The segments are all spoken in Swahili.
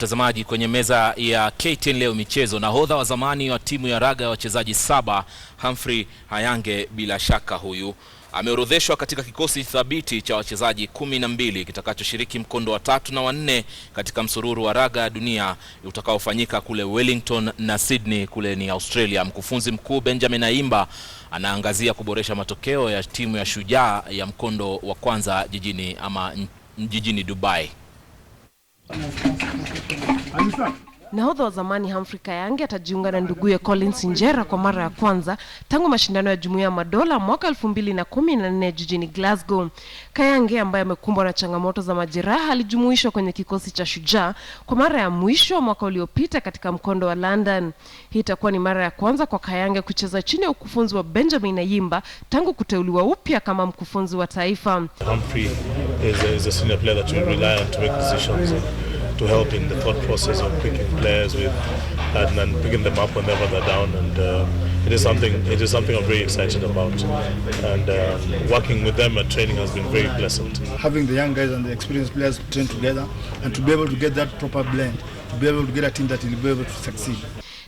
mtazamaji, kwenye meza ya KTN leo michezo, nahodha wa zamani wa timu ya raga ya wachezaji saba Humphrey Hayange, bila shaka huyu ameorodheshwa katika kikosi thabiti cha wachezaji kumi na mbili kitakachoshiriki mkondo wa tatu na wanne katika msururu wa raga ya dunia utakaofanyika kule Wellington na Sydney kule ni Australia. Mkufunzi mkuu Benjamin Aimba anaangazia kuboresha matokeo ya timu ya Shujaa ya mkondo wa kwanza jijini ama jijini Dubai. Nahodha wa zamani Humphrey Kayange atajiunga na nduguye Collins Injera kwa mara ya kwanza tangu mashindano ya Jumuiya ya Madola mwaka elfu mbili na kumi na nne jijini Glasgow. Kayange ambaye amekumbwa na changamoto za majeraha alijumuishwa kwenye kikosi cha Shujaa kwa mara ya mwisho mwaka uliopita katika mkondo wa London. Hii itakuwa ni mara ya kwanza kwa Kayange kucheza chini ya ukufunzi wa Benjamin Ayimba tangu kuteuliwa upya kama mkufunzi wa taifa Humphrey. is a, is a senior player that you rely on to make decisions and eh, to help in the thought process of picking players with and, picking them up whenever they're down. And uh, it is something it is something I'm very excited about. And uh, working with them at training has been very pleasant. Having the young guys and the experienced players train together and to be able to get that proper blend, to be able to get a team that will be able to succeed.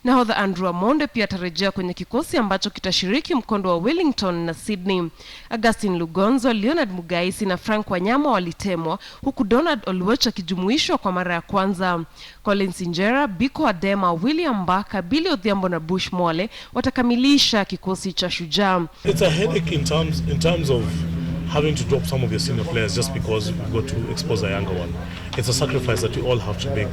Nahodha Andrew Amonde pia atarejea kwenye kikosi ambacho kitashiriki mkondo wa Wellington na Sydney. Augustin Lugonzo, Leonard Mugaisi na Frank Wanyama walitemwa huku Donald Olwech akijumuishwa kwa mara ya kwanza. Collins Injera, Biko Adema, William Mbaka, Billy Odhiambo na Bush Mole watakamilisha kikosi cha Shujaa. It's a headache in terms, in terms of having to drop some of your senior players just because got to expose a younger one. It's a sacrifice that all have to make.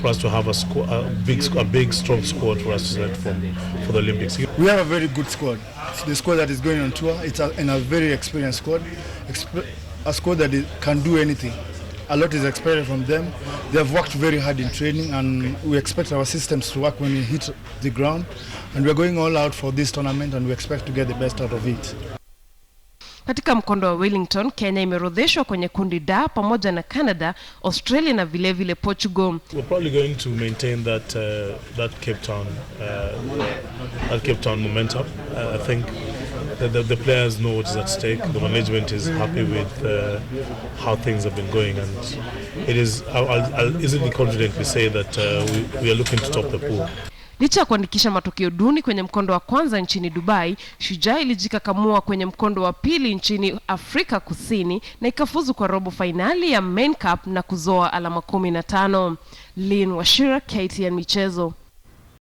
for us to have a, squ- a big, a big, strong squad for us to select from for the Olympics. We have a very good squad. It's the squad that is going on tour. It's a, and a very experienced squad, Exper- a squad that is, can do anything. A lot is expected from them. They have worked very hard in training, and we expect our systems to work when we hit the ground. And we're going all out for this tournament, and we expect to get the best out of it. Katika mkondo wa Wellington, Kenya imeorodheshwa kwenye kundi da pamoja na Canada, Australia na vilevile vile Portugal. We're probably going to maintain that, uh, that Cape Town, uh, that Cape Town momentum. Uh, I think the, the, the players know what is at stake. The management is happy with uh, how things have been going and it is, I'll, I'll easily confidently say that uh, we, we are looking to top the pool. Licha ya kuandikisha matokeo duni kwenye mkondo wa kwanza nchini Dubai, Shujaa ilijikakamua kwenye mkondo wa pili nchini Afrika Kusini na ikafuzu kwa robo fainali ya Main Cup na kuzoa alama kumi na tano. Lin Washira, KTN Michezo.